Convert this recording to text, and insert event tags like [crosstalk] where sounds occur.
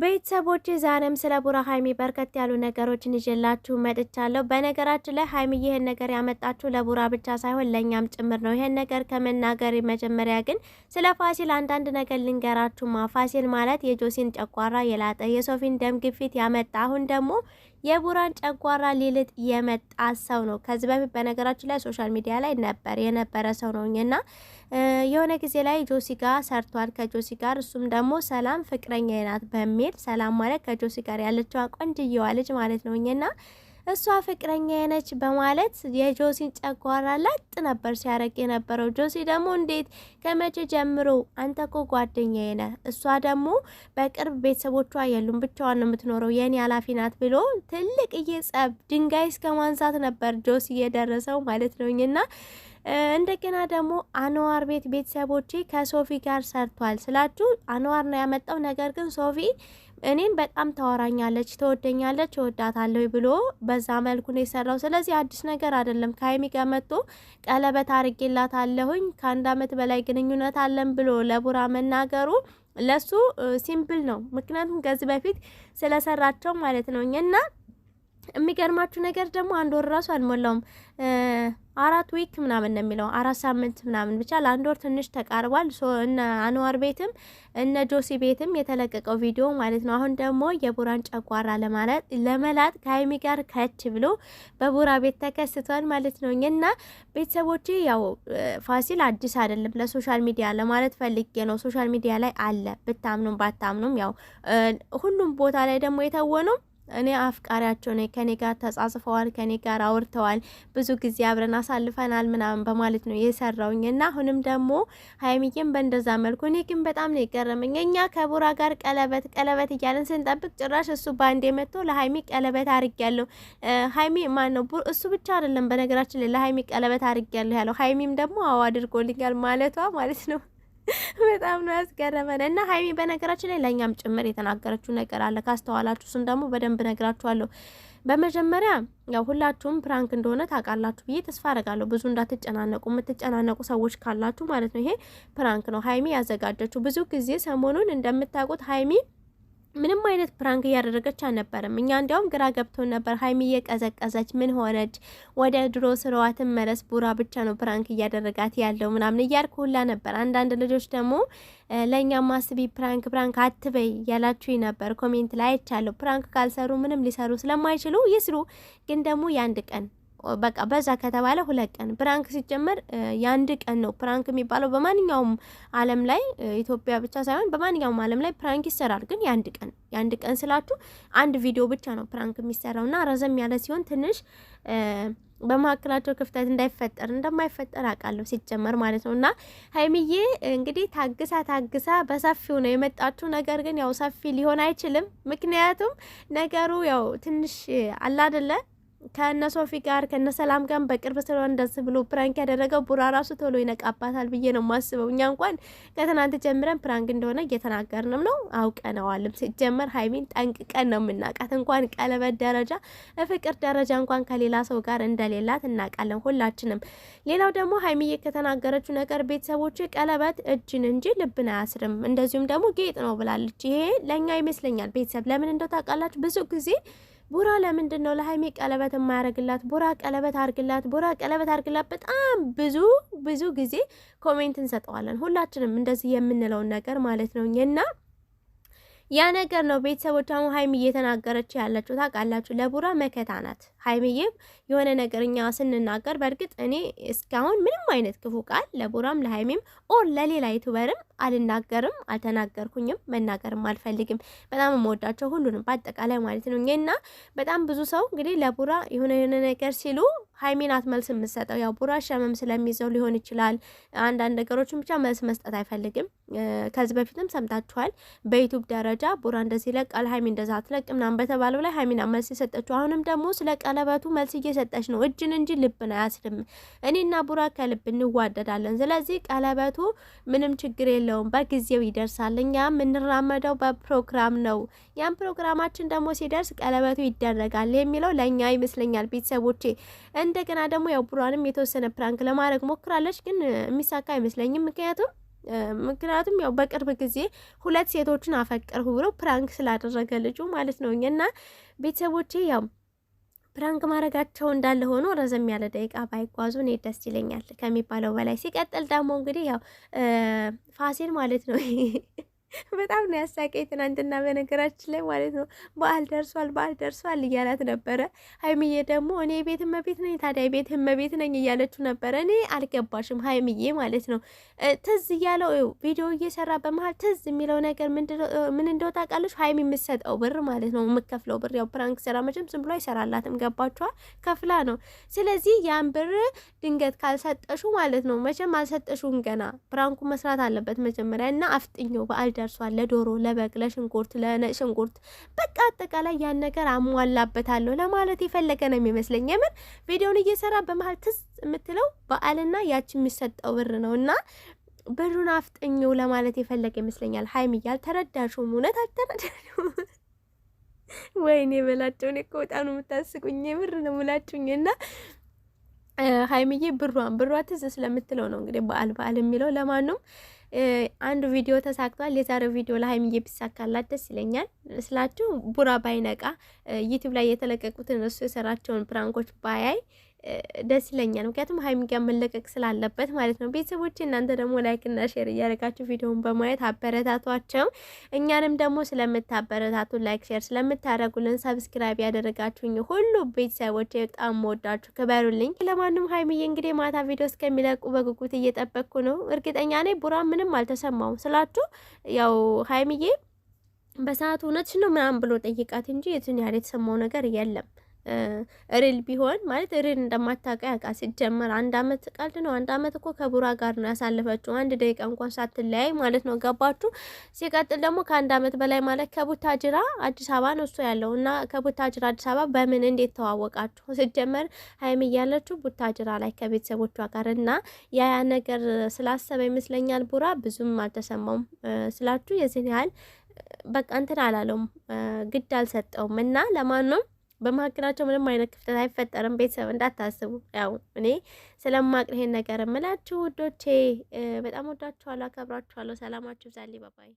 ቤተሰቦች ዛሬም ስለ ቡራ ሀይሚ በርከት ያሉ ነገሮችን ይዤላችሁ መጥቻለሁ። በነገራችን ላይ ሀይሚ ይህን ነገር ያመጣችሁ ለቡራ ብቻ ሳይሆን ለእኛም ጭምር ነው። ይህን ነገር ከመናገር መጀመሪያ ግን ስለ ፋሲል አንዳንድ ነገር ልንገራችሁማ። ፋሲል ማለት የጆሲን ጨጓራ የላጠ የሶፊን ደም ግፊት ያመጣ አሁን ደግሞ የቡራን ጨጓራ ሊልጥ የመጣ ሰው ነው። ከዚህ በፊት በነገራችን ላይ ሶሻል ሚዲያ ላይ ነበር የነበረ ሰው ነው እና የሆነ ጊዜ ላይ ጆሲ ጋር ሰርቷል። ከጆሲ ጋር እሱም ደግሞ ሰላም ፍቅረኛ ናት በሚል ሰላም ማለት ከጆሲ ጋር ያለችዋ ቆንጅየዋ ልጅ ማለት ነው እና እሷ ፍቅረኛ ነች በማለት የጆሲን ጨጓራ ለጥ ነበር ሲያረግ የነበረው። ጆሲ ደግሞ እንዴት ከመቼ ጀምሮ አንተ ኮ ጓደኛ ነ እሷ ደግሞ በቅርብ ቤተሰቦቿ የሉም ብቻዋን ነው የምትኖረው የኔ ኃላፊ ናት ብሎ ትልቅ እየጸብ ድንጋይ እስከ ማንሳት ነበር ጆሲ የደረሰው ማለት ነውኝና እንደገና ደግሞ አንዋር ቤት ቤተሰቦቼ ከሶፊ ጋር ሰርቷል ስላችሁ አንዋር ነው ያመጣው። ነገር ግን ሶፊ እኔን በጣም ታወራኛለች፣ ተወደኛለች፣ እወዳታለሁ ብሎ በዛ መልኩ ነው የሰራው። ስለዚህ አዲስ ነገር አይደለም። ከሀይሚ ጋር መጥቶ ቀለበት አርጌላታለሁኝ ከአንድ አመት በላይ ግንኙነት አለን ብሎ ለቡራ መናገሩ ለሱ ሲምፕል ነው። ምክንያቱም ከዚህ በፊት ስለሰራቸው ማለት ነው እና የሚገርማችሁ ነገር ደግሞ አንድ ወር ራሱ አልሞላውም። አራት ዊክ ምናምን ነው የሚለው አራት ሳምንት ምናምን ብቻ ለአንድ ወር ትንሽ ተቃርቧል። እነ አንዋር ቤትም እነ ጆሲ ቤትም የተለቀቀው ቪዲዮ ማለት ነው። አሁን ደግሞ የቡራን ጨጓራ ለመላጥ ከሀይሚ ጋር ከች ብሎ በቡራ ቤት ተከስቷል ማለት ነው። እና ቤተሰቦቼ ያው ፋሲል አዲስ አይደለም ለሶሻል ሚዲያ ለማለት ፈልጌ ነው። ሶሻል ሚዲያ ላይ አለ ብታምኑም ባታምኑም ያው ሁሉም ቦታ ላይ ደግሞ የተወነው እኔ አፍቃሪያቸው ነኝ። ከኔ ጋር ተጻጽፈዋል፣ ከኔ ጋር አውርተዋል፣ ብዙ ጊዜ አብረን አሳልፈናል ምናምን በማለት ነው የሰራውኝ እና አሁንም ደግሞ ሀይሚዬም በእንደዛ መልኩ እኔ ግን በጣም ነው የገረመኝ። እኛ ከቡራ ጋር ቀለበት ቀለበት እያለን ስንጠብቅ ጭራሽ እሱ በአንዴ መጥቶ ለሀይሚ ቀለበት አድርጊያለሁ ሀይሚ ማን ነው እሱ ብቻ አይደለም፣ በነገራችን ላይ ለሀይሚ ቀለበት አድርጊያለሁ ያለው ሀይሚም ደግሞ አዎ አድርጎልኛል ማለቷ ማለት ነው [laughs] በጣም ነው ያስገረመን እና ሀይሚ በነገራችን ላይ ለእኛም ጭምር የተናገረችው ነገር አለ። ካስተዋላችሁ ደግሞ በደንብ ነግራችኋለሁ። በመጀመሪያ ያው ሁላችሁም ፕራንክ እንደሆነ ታውቃላችሁ ብዬ ተስፋ አደርጋለሁ። ብዙ እንዳትጨናነቁ፣ የምትጨናነቁ ሰዎች ካላችሁ ማለት ነው ይሄ ፕራንክ ነው ሀይሚ ያዘጋጀችው። ብዙ ጊዜ ሰሞኑን እንደምታውቁት ሀይሚ ምንም አይነት ፕራንክ እያደረገች አልነበረም። እኛ እንዲያውም ግራ ገብቶን ነበር። ሀይሚ እየቀዘቀዘች ምን ሆነች? ወደ ድሮ ስራዋ ትመለስ፣ ቡራ ብቻ ነው ፕራንክ እያደረጋት ያለው ምናምን እያልኩ ሁላ ነበር። አንዳንድ ልጆች ደግሞ ለእኛ ማስቢ ፕራንክ ፕራንክ አትበይ ያላችሁ ነበር። ኮሜንት ላይ አይቻለሁ። ፕራንክ ካልሰሩ ምንም ሊሰሩ ስለማይችሉ ይስሩ፣ ግን ደግሞ የአንድ ቀን በቃ በዛ ከተባለ ሁለት ቀን ፕራንክ ሲጀመር የአንድ ቀን ነው። ፕራንክ የሚባለው በማንኛውም ዓለም ላይ ኢትዮጵያ ብቻ ሳይሆን በማንኛውም ዓለም ላይ ፕራንክ ይሰራል። ግን የአንድ ቀን የአንድ ቀን ስላችሁ አንድ ቪዲዮ ብቻ ነው ፕራንክ የሚሰራው እና ረዘም ያለ ሲሆን ትንሽ በመካከላቸው ክፍተት እንዳይፈጠር እንደማይፈጠር አውቃለሁ ሲጀመር ማለት ነው። እና ሀይሚዬ እንግዲህ ታግሳ ታግሳ በሰፊው ነው የመጣችው። ነገር ግን ያው ሰፊ ሊሆን አይችልም። ምክንያቱም ነገሩ ያው ትንሽ አላደለ ከእነ ሶፊ ጋር ከነ ሰላም ጋር በቅርብ ስለሆነ እንደዚህ ብሎ ፕራንክ ያደረገው ቡራ ራሱ ቶሎ ይነቃባታል ብዬ ነው ማስበው። እኛ እንኳን ከትናንት ጀምረን ፕራንክ እንደሆነ እየተናገርንም ነው፣ አውቀነዋልም። ሲጀመር ሀይሚን ጠንቅቀን ነው የምናውቃት። እንኳን ቀለበት ደረጃ ፍቅር ደረጃ እንኳን ከሌላ ሰው ጋር እንደሌላት እናውቃለን ሁላችንም። ሌላው ደግሞ ሀይሚዬ ከተናገረችው ነገር ቤተሰቦች ቀለበት እጅን እንጂ ልብን አያስርም እንደዚሁም ደግሞ ጌጥ ነው ብላለች። ይሄ ለእኛ ይመስለኛል ቤተሰብ ለምን እንደው ታውቃላችሁ ብዙ ጊዜ ቡራ ለምንድን ነው ለሀይሜ ቀለበት የማያደርግላት? ቡራ ቀለበት አርግላት፣ ቡራ ቀለበት አርግላት። በጣም ብዙ ብዙ ጊዜ ኮሜንት እንሰጠዋለን ሁላችንም እንደዚህ የምንለውን ነገር ማለት ነው እና ያ ነገር ነው ቤተሰቦች አሁን ሀይሚ እየተናገረች ያለችው ታውቃላችሁ፣ ለቡራ መከታ ናት። ሀይሚዬ የሆነ ነገር እኛ ስንናገር በእርግጥ እኔ እስካሁን ምንም አይነት ክፉ ቃል ለቡራም ለሀይሚም ኦር ለሌላ ዩቱበርም አልናገርም፣ አልተናገርኩኝም፣ መናገርም አልፈልግም። በጣም የምወዳቸው ሁሉንም በአጠቃላይ ማለት ነው እና በጣም ብዙ ሰው እንግዲህ ለቡራ የሆነ የሆነ ነገር ሲሉ ሀይሚናት አትመልስ የምትሰጠው ያው ቡራ ሸመም ስለሚይዘው ሊሆን ይችላል። አንዳንድ ነገሮችን ብቻ መልስ መስጠት አይፈልግም። ከዚህ በፊትም ሰምታችኋል። በዩቱብ ደረጃ ቡራ እንደዚህ ይለቃል፣ ሀይሚ እንደዛ አትለቅ ምናምን በተባለው ላይ ሀይሜን መልስ የሰጠችው አሁንም ደግሞ ስለ ቀለበቱ መልስ እየሰጠች ነው። እጅን እንጂ ልብን አያስልም። እኔና ቡራ ከልብ እንዋደዳለን። ስለዚህ ቀለበቱ ምንም ችግር የለው የለውም፣ በጊዜው ይደርሳል። እኛ የምንራመደው በፕሮግራም ነው። ያም ፕሮግራማችን ደግሞ ሲደርስ ቀለበቱ ይደረጋል የሚለው ለእኛ ይመስለኛል ቤተሰቦቼ። እንደገና ደግሞ ያው ቡራንም የተወሰነ ፕራንክ ለማድረግ ሞክራለች፣ ግን የሚሳካ አይመስለኝም። ምክንያቱም ምክንያቱም ያው በቅርብ ጊዜ ሁለት ሴቶችን አፈቀርሁ ብሎ ፕራንክ ስላደረገ ልጁ ማለት ነው እና ቤተሰቦቼ ያው ፕራንክ ማድረጋቸው እንዳለ ሆኖ ረዘም ያለ ደቂቃ ባይጓዙ እኔ ደስ ይለኛል ከሚባለው በላይ። ሲቀጥል ደግሞ እንግዲህ ያው ፋሲል ማለት ነው በጣም ነው ያሳቀኝ ትናንትና። በነገራችን ላይ ማለት ነው በዓል ደርሷል በዓል ደርሷል እያላት ነበረ። ሀይምዬ ደግሞ እኔ ቤት እመቤት ነኝ ታዲያ ቤት እመቤት ነኝ እያለችው ነበረ። እኔ አልገባሽም ሀይምዬ ማለት ነው ትዝ እያለው ቪዲዮ እየሰራ በመሀል ትዝ የሚለው ነገር ምን እንደው ታውቃለች። ሀይም የምትሰጠው ብር ማለት ነው የምከፍለው ብር ያው ፕራንክ ስራ መቼም ዝም ብሎ አይሰራላትም። ገባችኋል? ከፍላ ነው። ስለዚህ ያን ብር ድንገት ካልሰጠሹ ማለት ነው መቼም አልሰጠሹም ገና ፕራንኩ መስራት አለበት መጀመሪያ እና አፍጥኘው በአልደ ደርሷል። ለዶሮ፣ ለበግ፣ ለሽንኩርት፣ ለነጭ ሽንኩርት በቃ አጠቃላይ ያን ነገር አሟላበታለሁ ለማለት የፈለገ ነው የሚመስለኝ። የምን ቪዲዮን እየሰራ በመሀል ትዝ የምትለው በዓልና ያች የሚሰጠው ብር ነው እና ብሩን አፍጠኘው ለማለት የፈለገ ይመስለኛል። ሀይሚዬ አልተረዳሽውም፣ እውነት አልተረዳሽውም። [laughs] ወይኔ በላቸው እኔ እኮ በጣም ነው የምታስቁኝ። የምር ነው ሙላችሁኝ እና ሀይምዬ ብሯን ብሯ ትዝ ስለምትለው ነው እንግዲህ በዓል በዓል የሚለው ለማንም አንዱ ቪዲዮ ተሳክቷል። የዛሬው ቪዲዮ ለሀይሚዬ ቢሳካላት ደስ ይለኛል ስላችሁ ቡራ ባይነቃ ዩቲዩብ ላይ የተለቀቁትን እሱ የሰራቸውን ፕራንኮች ባያይ ደስ ይለኛል። ምክንያቱም ሀይሚ ጋር መለቀቅ ስላለበት ማለት ነው። ቤተሰቦች እናንተ ደግሞ ላይክና ሼር እያደረጋችሁ ቪዲዮውን በማየት አበረታቷቸው። እኛንም ደግሞ ስለምታበረታቱ ላይክ፣ ሼር ስለምታደረጉልን ሰብስክራይብ ያደረጋችሁኝ ሁሉ ቤተሰቦች በጣም መወዳችሁ ክበሩልኝ። ለማንም ሀይሚዬ እንግዲህ ማታ ቪዲዮ እስከሚለቁ በጉጉት እየጠበቅኩ ነው። እርግጠኛ ነኝ ቡራ ምንም አልተሰማውም ስላችሁ ያው ሀይሚዬ በሰዓቱ እውነትሽ ነው ምናምን ብሎ ጠይቃት እንጂ የትን ያህል የተሰማው ነገር የለም። ሪል ቢሆን ማለት ሪል እንደማታቀ ያውቃል ሲጀመር አንድ አመት ቀልድ ነው። አንድ አመት እኮ ከቡራ ጋር ነው ያሳለፈችው፣ አንድ ደቂቃ እንኳን ሳትለያይ ማለት ነው። ገባችሁ? ሲቀጥል ደግሞ ከአንድ አመት በላይ ማለት ከቡታጅራ አዲስ አበባ ነው እሱ ያለው እና ከቡታጅራ አዲስ አበባ በምን እንዴት ተዋወቃችሁ? ሲጀመር ሀይም እያለችው ቡታጅራ ላይ ከቤተሰቦቿ ጋር እና ያ ነገር ስላሰበ ይመስለኛል ቡራ ብዙም አልተሰማውም ስላችሁ የዚህን ያህል በቃ እንትን አላለውም፣ ግድ አልሰጠውም እና ለማንም በመካከላቸው ምንም አይነት ክፍተት አይፈጠርም። ቤተሰብ እንዳታስቡ። ያው እኔ ስለማቅ ይሄን ነገር እምላችሁ ውዶቼ፣ በጣም ወዳችኋለሁ፣ አከብራችኋለሁ። ሰላማችሁ ዛሌ ባባይ